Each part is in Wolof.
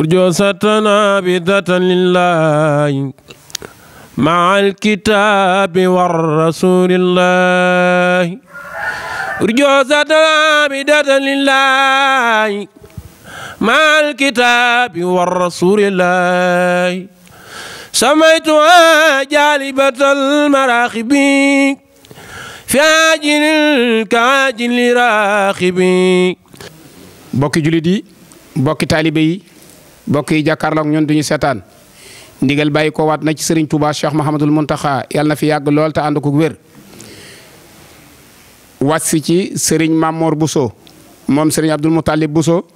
ارجو ستنا بذة لله مع الكتاب والرسول الله ارجو ستنا بذة لله مع الكتاب والرسول الله سميتها جالبة المراخب fi àjjil ka àjjil raxibi bokki jullit yi bokki taalibe yi mbokk yi jàkkaarloog ñun duñu seetaan ndigal bàyyi ko waat na ci sëriñ Touba Cheikh Mahamadul Muntaxa yàlla na fi yàgg lool te ànd ko wér waat si ci sëriñ bu Bousso moom sëriñ Abdul bu Bousso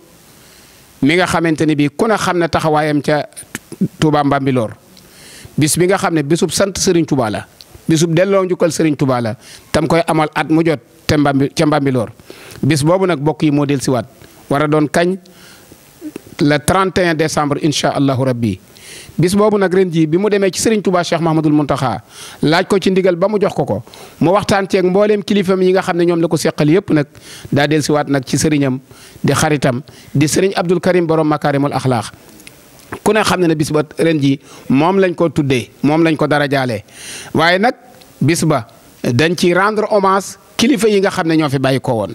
mi nga xamante ni bii ku ne xam ne taxawaayam ca Touba Mbambilor bis bi nga xam ne bisub sant sëriñ Touba la sub delloo njukkal sëriñ Touba la tam koy amal at mu jot te Mbambi ca Mbambilor bis boobu nag bokk yi moo dellusiwaat war a doon kañ. le 31 décembre incha allahu rabbi bis boobu nag ren jii bi mu demee ci Serigne Touba Cheikh Mahmadul Muntaxa laaj ko ci ndigal ba mu jox ko ko mu waxtaan ceeg mbooleem kilifam yi nga xam ne ñoom la ko seqal yëpp nag daa dellusiwaat nag ci sëriñam di xaritam di sëriñ Abdul Karim borom makaarimul axlaax ku ne xam ne ne bis ba ren jii moom lañ ko tuddee moom lañ ko dara jaalee waaye nag bis ba dañ ci rendre hommage kilifa yi nga xam ne ñoo fi bàyyi ko woon.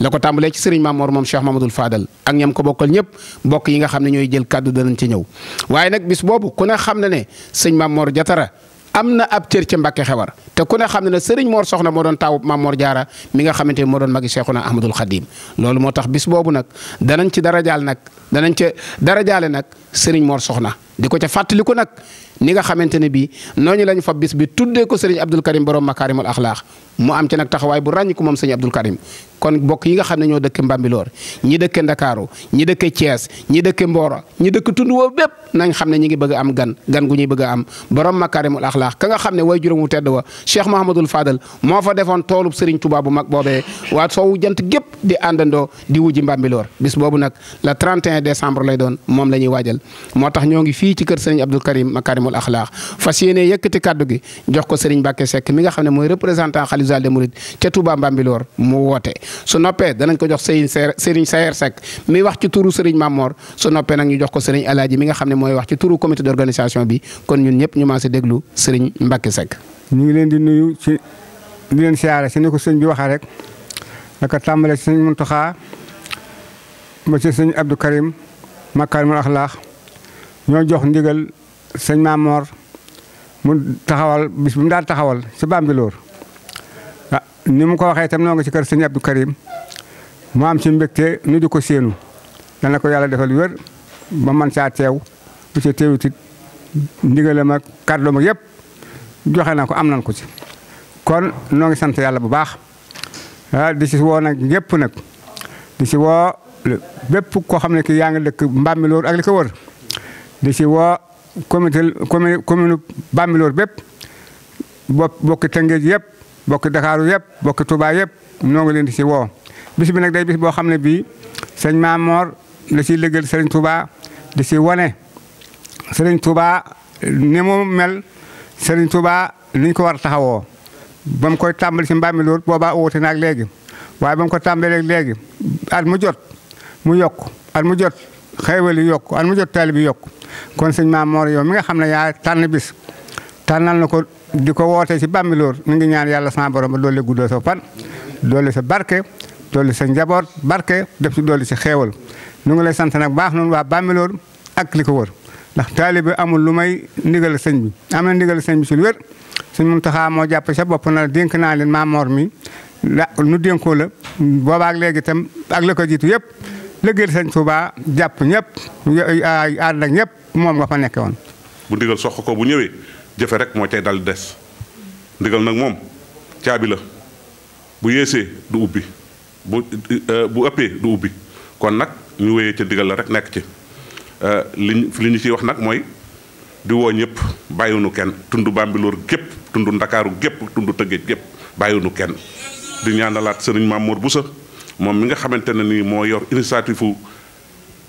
la ko tàmbalee ci sëriñ Mamoor moom Cheikh Mamadul Fadal ak ñam ko bokkal ñëpp bokk yi nga xam ne ñooy jël kàddu danañ ci ñëw waaye nag bis boobu ku ne xam na ne sëñ Mamoor Jatara am na ab cër ci Mbàkke Xewar te ku ne xam ne ne sëriñ Mor Soxna moo doon taawu Maam Jaara mi nga xamante ni moo doon magi Seexuna Ahmadul Xadim loolu moo tax bis boobu nag danañ ci darajaal nag danañ ci darajaale nag sëriñ moor Soxna di ko ca fàttaliku nag ni nga xamante ne bii nooñu lañu fa bis bi tuddee ko sëriñ Abdul Karim borom makaarimul axlaax mu am ci nag taxawaay bu ràññiku moom sëriñ Abdul Karim kon bokk yi nga xam ne ñoo dëkke Mbambilor ñi dëkke Ndakaaru ñi dëkke Thiès ñi dëkke Mboro ñi dëkk tund woo bépp nañ xam ne ñi ngi bëgg am gan gan gu ñuy bëgg am borom makaarimul axlaax ka nga xam ne way juróom wu tedd wa Cheikh Mahamadul Fadal moo fa defoon toolub sëriñ Tuubaa bu mag boobee waa soowu jant gépp di àndandoo di wuji Mbambilor bis boobu nag le 31 décembre lay doon moom la ñuy waajal fii ci kër sëriñ Abdou Karim Makarimul Akhlaq fas yéene yëkkati kàddu gi jox ko sëriñ Mbacke Seck mi nga xam ne mooy représentant xalif général des mourides ca Touba Mbambilor mu woote su noppee danañ ko jox sëriñ sëriñ Sayer Seck mi wax ci turu sëriñ Mamor su noppee nag ñu jox ko sëriñ Alaaji mi nga xam ne mooy wax ci turu comité d'organisation bi kon ñun ñëpp ñu maa déglu sëriñ Mbacke Seck ñu ngi leen di nuyu ci di leen siyaare si ni ko sëñ bi waxee rek ñoo jox ndigal sëñ Maamoor mu taxawal bis mu daan taxawal ci Bambilor ah ni mu ko waxee itam noo nga ci kër sëñ Abdou Karim mu am si mbégte nu di ko séenu dana ko yàlla defal wér ba man saa teew bu ca teewutit ndigalam ak kàddoom ak yëpp joxe na ko am nan ko ci kon noo ngi sant yàlla bu baax ah di ci woo nag ñëpp nag di ci woo bépp koo xam ne ki yaa ngi dëkk Bambilor ak li ko wër di si woo comité commune commune Bambilor bépp bokk Tëngéej yëpp bokk Dakaaru yëpp bokk tubaa yëpp noo ngi leen di si woo. bis bi nag day bis boo xam ne bii sëñ Maamoor la siy liggéeyal Serigne Touba di si wane Serigne Touba ni mu mel Serigne tubaa niñ ko war a taxawoo ba koy tàmbali si Bambilor boobaa woote naag léegi waaye ba mu ko tàmbalee léegi at mu jot mu yokk at mu jot. xeewal yi yokk al mu jot taali bi yokku kon sëñ Maam Mor yow mi nga xam ne yaa tànn bis tànnal na ko di ko wootee ci Bambilor mi ngi ñaan yàlla sama borom ba doole guddoo soo fan doole sa barke doole sa njaboot barke def si doole si xeewal ñu ngi lay sant nag baax noonu waa Bambilor ak li ko wër ndax taalibe amul lu may ndigal sëñ bi am na ndigal sëñ bi ci lu wér mu taxaa moo jàpp sa bopp na dénk naa leen Maam mi la nu dénkoo la boobaak léegi itam la ko jiitu yëpp liggéeyal sëñ Touba jàpp ñëpp ànd ak ñëpp moom nga fa nekke woon. bu ndigal sox ko bu ñëwee jëfe rek moo cay daldi des ndigal nag moom caabi la bu yéesee du ubbi bu e, bu ëppee du ubbi kon nag ñu wéyee ca ndigal la rek nekk ci e, li li ñu ciy wax nag mooy di woo ñëpp bàyyiwunu kenn tund Bambilor gépp tund Ndakaaru gépp tund Tëngéej gépp bàyyiwunu kenn di ñaanalaat sëriñ bu Boussa moom mi nga xamante ne nii moo yor initiative fu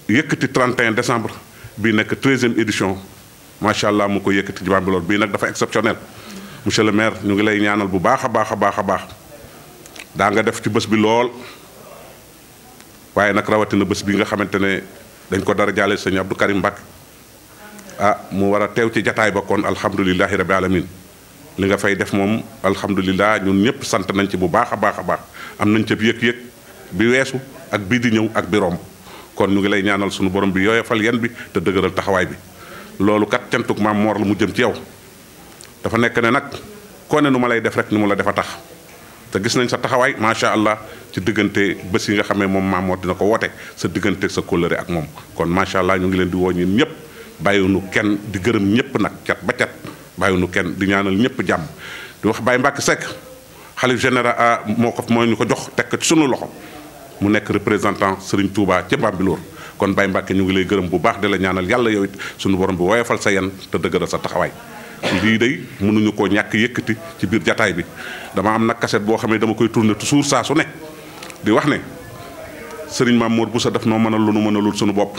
yëkkati 31 decembre bii nekk 13e édition macha allah mu ko yëkkati ci Bambilor bii nag dafa exceptionnel monsieur le maire ñu ngi lay ñaanal bu baax a baax a baax daa nga def ci bës bi lool waaye nag rawatina bés bi nga xamante ne dañ ko dara jaale sëñ Abdou Karim Mbacke ah mu war teew ci jataay ba kon alhamdulilahi rabi alamin li nga fay def moom alhamdulilah ñun ñëpp sant nañ ci bu baax a baax a baax am nañ ca yëg-yëg. bi weesu ak bii di ñëw ak bi kon ñu ngi lay ñaanal suñu borom bi yooyofal yan bi te dëgëral taxawaay bi loolu kat cantuk maam moor la mu jëm ci yow dafa nekk ne nag koo ne nu ma lay def rek ni mu la def a tax te gis nañ sa taxawaay macha allah ci diggante bés yi nga xamee moom maam moor dina ko woote sa diggante sa kóllëre ak moom kon macha allah ñu ngi leen di woo ñun ñëpp bàyyiwunu kenn di gërëm ñëpp nag cat ba cat bàyyi bàyyiwunu kenn di ñaanal ñëpp jàmm di wax Baye Mbacke Seck xalif général ah, moo ko moo ñu ko jox teg ci loxo mu nekk représentant Serigne Touba ca Bambilor kon Baye Mbacke ñu ngi lay gërëm bu baax di la ñaanal yàlla yow suñu borom bi woyofal sa yan te dëgëral sa taxawaay. lii day mënuñu koo ñàkk yëkkati ci biir jataay bi dama am nag cassette boo xam ne dama koy tourner toujours saa su ne di wax ne Serigne Mamour bu sa def noo mënal lu nu mënalul suñu bopp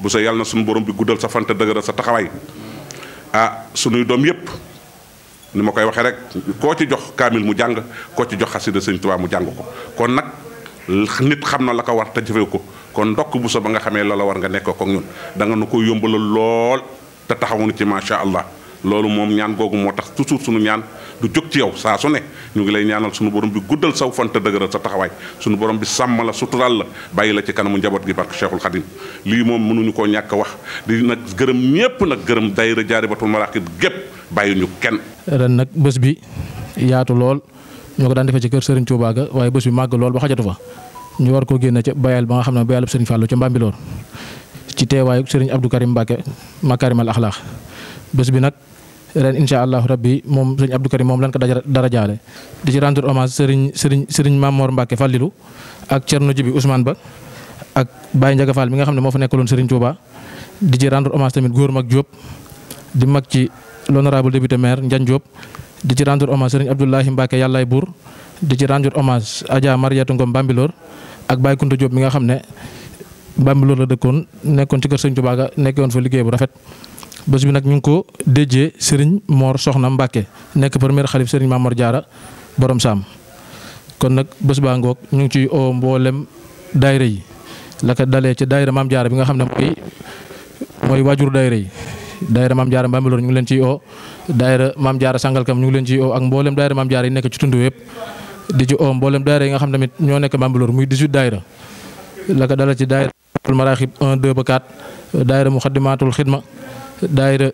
bu sa yàlla na suñu borom bi guddal sa fan te dëgëral sa taxawaay ah suñuy doom yépp ni ma koy waxee rek koo ci jox kaamil mu jàng koo ci jox xasida mu jàng ko nit xam na la ko war te jëfee ko kon ndokk bu so ba nga xamee loola war nga nekk ko ñun danga nga nu ko yombalal lool te taxawuñu ci macha allah loolu moom ñaan googu moo tax toujours suñu ñaan du jóg ci yow saa su ne ñu ngi lay ñaanal suñu borom bi guddal saw fan te sa taxawaay suñu borom bi sàmmala la sutural la bàyyi la ci kanamu njaboot gi barke Cheikhul Khadim lii moom mënuñu koo ñàkk wax di nag gërëm ñépp nag gërëm daayira Jaaribatul Maraqib gépp bàyyi ñu kenn. ren nag bés bi yaatu lool. ñoo ko daan defee ci kër Serigne Touba ga waaye bés bi màgg lool ba xajatu fa ñu war koo génne ca bayal ba nga xam ne bayalub Serigne Fallou ca Mbambilor ci teewaayu Serigne Abdou Karim Mbacke Makarimal Akhlaq bés bi nag ren incha allahu rabbi moom Serigne Abdou Karim moom lañ ko dara jaale di ci rendre hommage Serigne Serigne Serigne Mamor Mbacke Fallilou ak Thierno Djibi Ousmane Ba ak Baye Ndiaga Fall mi nga xam ne moo fa nekk nekkaloon Serigne Touba di ci rendre hommage tamit góor mag Diop di mag ci l'honorable député maire Ndiagne Diop di ci rendre hommage Serigne Abdoulahi Mbacke yàllaay buur di ci rendre hommage Adja Mariatu Ngom Bambilor ak Baye Kounta Diop mi nga xam ne Bambilor la dëkkoon nekkoon ci kër Serigne Touba ga nekkoon fa liggéey bu rafet. bës bi nag ñu ngi ko déjee Serigne moor Soxna Mbacke nekk premier xalif Serigne Mamor jaara borom saam kon nag bés baa ngoog ñu ngi ciy oo mboolem daayira yi la ko dalee ci daayira Maam jaara bi nga xam ne mooy mooy waajur daayira yi. daayira maam jaara Bambilor ñu ngi leen ciy oo daayira maam jaara kam ñu ngi leen ciy oo ak mboolem daayira maam jaara yi nekk ci tund yëpp di ci oo mboolem daayira yi nga xam tamit ñoo nekk Bambilor muy 18 daayira la ko dala ci daayira maraaxib 1 2 ba 4 daayira muxaddimaatul xidma daayira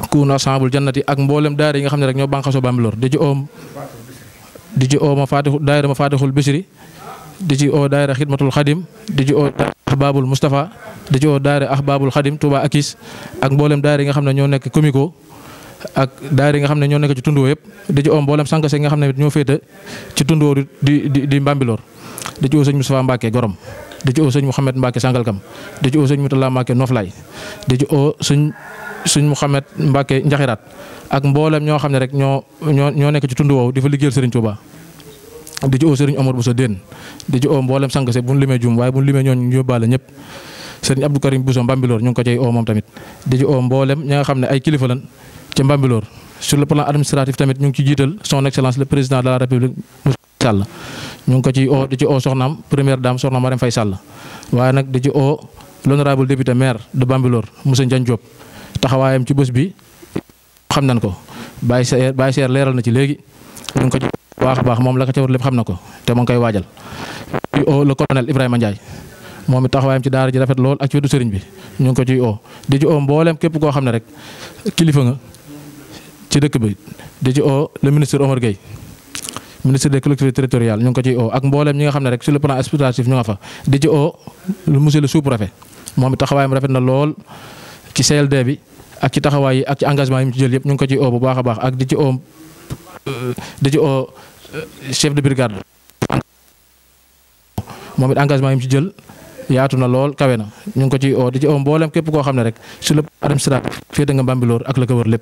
na ensemble jannati ak mboolem daayira yi nga xam ne rek ñoo bànqaso Bambilor di ci oom di ci oo ma faatixu daayira ma faatixul bisri di ci oo daayira xidmatul xadim di ci oo baabul Mustafa di ci woo daare Ahbabul Xadim Touba Akis ak mboolem daare yi nga xam ne ñoo nekk Comico ak daare yi nga xam ne ñoo nekk ci tundoo yëpp di ci oo nga xam ne ñoo féete ci tundoo di di di Mbambilor di ci oo sëñ Moustapha Mbacke Gorom di ci oo sëñ Mouhamed Mbacke Sangalkam di ci oo sëñ Moutalla Mbacke Noflaay di ci oo sëñ sëñ Mouhamed Mbacke Njaxiraat ak mboolem ñoo xam ne rek ñoo ñoo ñoo nekk ci tund woowu di fa liggéeyal Serigne Touba di o oo Serigne Omar Bousso Dène di ci oo mboolem sànqase bu ñu limee jum waaye bu ñu limee ñooñu ñu ñëpp sëriñ Abdou Karim Bousso Mbambilor ñu ngi ko cay oo moom tamit di ci oo mboolem ñi nga xam ne ay kilifa lan ci Mbambilor sur le plan administratif tamit ñu ngi ci jiital son excellence le président de a république Macky Sall ngi ko ci oo di ci oo soxnaam première dame soxna Marème Faye Sall waaye nag di ci oo l'honorable député maire de Bambilor monsieur Ndiagne Diop taxawaayam ci bés bi xam nañ ko Baye Seer Baye Seer leeral na ci léegi ñu ngi ko ci baax a baax moom la ko ca war lépp xam na ko te mu ngi koy waajal di oo le colonel Ibrahima moom it taxawaayam ci daara ji rafet lool ak ci wetu sëriñ bi ñu ngi ko ciy oo di ci oo mboolem képp koo xam ne rek kilifa nga ci dëkk bi di ci oo le ministre Omar Gueye ministre de collectivités territoriales ñu ngi ko ci oo ak mboolem ñi nga xam ne rek sur le plan administratif ñu nga fa di ci oo le monsieur le sous-préfet moom it taxawaayam rafet na lool ci CLD bi ak ci taxawaay yi ak ci engagement yi mu ci jël yëpp ñu ngi ko ci oo bu baax a baax ak di ci oo di euh, de brigade moom yi ci jël. yaatu na lool kawe na ñu ngi ko ci oo di képp koo xam ne rek si le adam sira féete nga Mbambilor ak la ko wër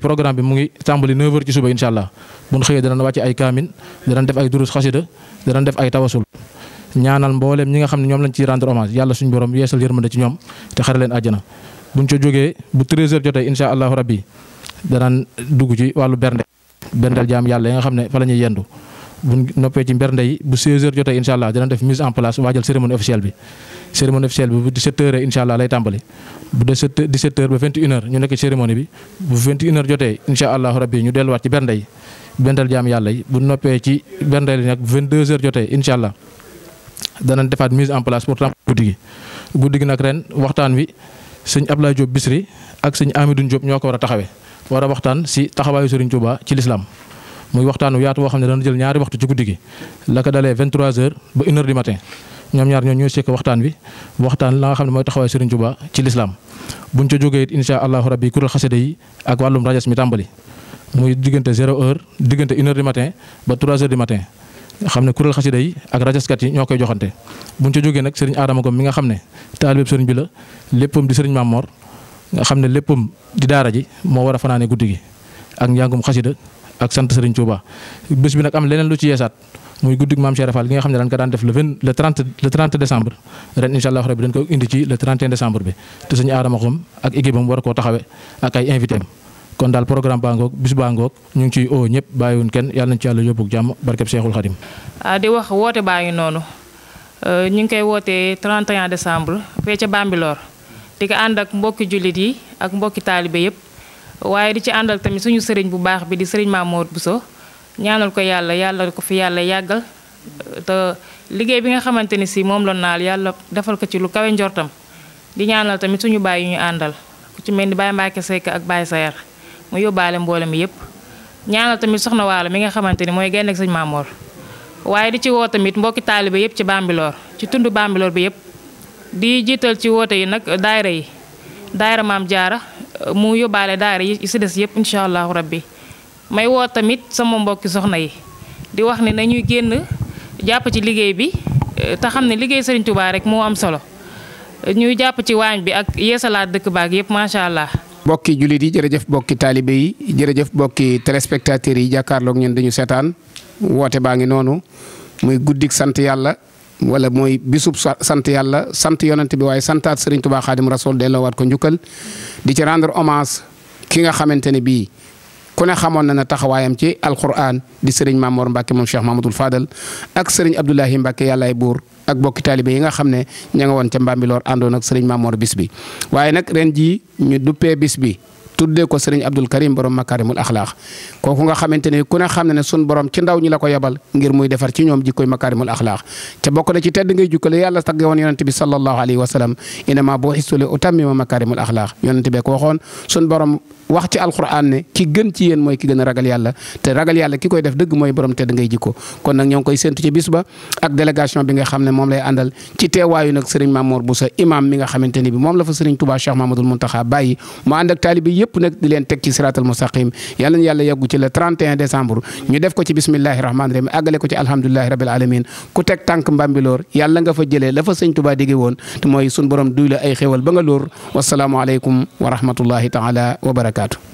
programme bi mu ngi tàmbali 9h ci suba incha allah bu ñu xëyee danañ wàcc ay kaamin danañ def ay durus xasida mboolem ñi nga xam ne ñoom lañ ciy rendre hommage yàlla suñu borom yeesal yërmande ci ñoom te xare leen àjjana buñ ca jógee bu 13h jotee incha allah rabbi danañ dugg ci wàllu bernde berndeel jaam yàlla yi nga xam ne fa la ñuy yendu bu noppee ci mbernde bu 16h jotee incha allah dinañ def mise en place waajal cérémonie officielle bi cérémonie officielle bi bu 17h incha allah lay tàmbali bu 17h ba 21h ñu nekk cérémonie bi bu 21h jotee incha allah rabbi ñu delluwaat ci bernde yi jaam yàlla yi bu noppee ci bernde yi nag 22h jotee incha allah danañ defaat mise en place pour tàmbali guddi gi guddi gi nag ren waxtaan wi sëñ Ablaye Bisri ak sëñ Amidou Diop ñoo ko war a taxawee war a waxtaan si taxawaayu Serigne Touba ci lislaam muy waxtaan wu yaatu woo xam ne dana jël ñaari waxtu ci guddi gi la ko dalee 23h ba 1h du matin ñoom ñaar ñoo ñooy sekk waxtaan bi waxtaan la nga xam ne mooy taxawaay Serigne Touba ci lislaam buñ ca jógee it incha allahu rabbi kuréel xasida yi ak wàllum rajas mi tàmbali muy diggante 0h diggante 1h du matin ba 3h du matin. xam ne kuréel xasida yi ak rajaskat yi ñoo koy joxante buñ ca jógee nag sëriñ Adama Gom mi nga xam ne taalibeeb sëriñ bi la léppam di sëriñ Mamor nga xam ne léppam di daara ji moo war a fanaane guddi gi ak njàngum xasida ak sant Serigne Touba bés bi nag am leneen lu ci yeesaat muy guddig maam Cheikh Fall nga xam ne dañ ko daan def le trente décembre ren incha allah rabbi dañ ko indi ci le 31 décembre ah, euh, décembre fee ca Bambilor di ko ànd ak mbokki jullit yi ak mbokki taalibe yëpp waaye di ci àndal tamit suñu sëriñ bu baax bi di sëriñ bu so ñaanal ko yàlla yàlla ko fi yàlla yàggal te liggéey bi nga xamante ni si moom la naal yàlla defal ko ci lu kawe njortam di ñaanal tamit suñu baay yu ñu àndal ku ci mel ni Baye Mbacke Seck ak Baye Sayar mu yóbbaale mboole mi yëpp ñaanal tamit soxna waalo mi nga xamante ni mooy génn sëñ Mamour waaye di ci woo tamit mbokki taalibe yëpp ci Bambilor ci tund Bambilor bi yëpp di jiital ci woote yi nag daayira yi Maam Jaara Euh, mu yóbbaale daar yi si des yëpp incha allahu rabbi may woo tamit sama mbokki soxna yi di wax ne nañuy génn jàpp ci liggéey bi euh, te xam ne liggéey Serigne Touba rek moo am solo ñuy jàpp ci waañ bi ak yeesalaat dëkk baak yëpp macha allah. mbokki jullit yi jërëjëf mbokki taalibe yi jërëjëf mbokki téléspectateurs yi jàkkaarlook ñun dañu seetaan woote baa ngi noonu muy guddik sant yàlla. wala mooy bisub sant yàlla sant yonent bi waaye santaat Serigne Touba Xaadim Rasoul delloowaat ko njukkal di ci rendre hommage ki nga xamante ne bii ku ne xamoon na na taxawaayam ci alquran di Serigne Mamour Mbacke moom Cheikh Mahmadul Fadal ak Serigne Abdoulahi Mbacke yàllaay buur ak bokki taalibe yi nga xam ne ña nga woon ca Mbambilor àndoon ak Serigne Mamour bis bi waaye nag ren jii ñu duppee bis bi. tuddee ko sëriñ Abdul Karim borom makaarimul axlaax kooku nga xamante ne ku ne xam ne sun borom ci ndaw ñi la ko yebal ngir muy defar ci ñoom jikkoy makaarimul axlaax te bokk wa sallam inama boo xistule utammima makaarimul axlaax yonente bee ko waxoon sun borom wax ne ki gën ci yéen mooy ki gën a ragal yàlla te ki koy def dëgg mooy borom tedd ngay jikko kon nag ñoo ngi koy séntu ci bis ba ak délégation bi nga xam ne moom lay àndal ci teewaayu mi nga xamante ni bi moom la fa sëriñ Touba Cheikh Mamadou Mountakha bàyyi mu ànd ak taalibe ñëpp nag di leen teg ci siraatal mustaqim yal nañu yàlla yàggu ci le 31 décembre ñu def ko ci bismillahi rahmaani rahim àggale ko ci alhamdulilahi rabil alamin ku teg tànk mbambiloor yàlla nga fa jëlee la fa sëñ Tuubaa digge woon te mooy sun borom duy la ay xéwal ba nga lóor wasalaamualeykum wa rahmatullahi taala wa barakaatu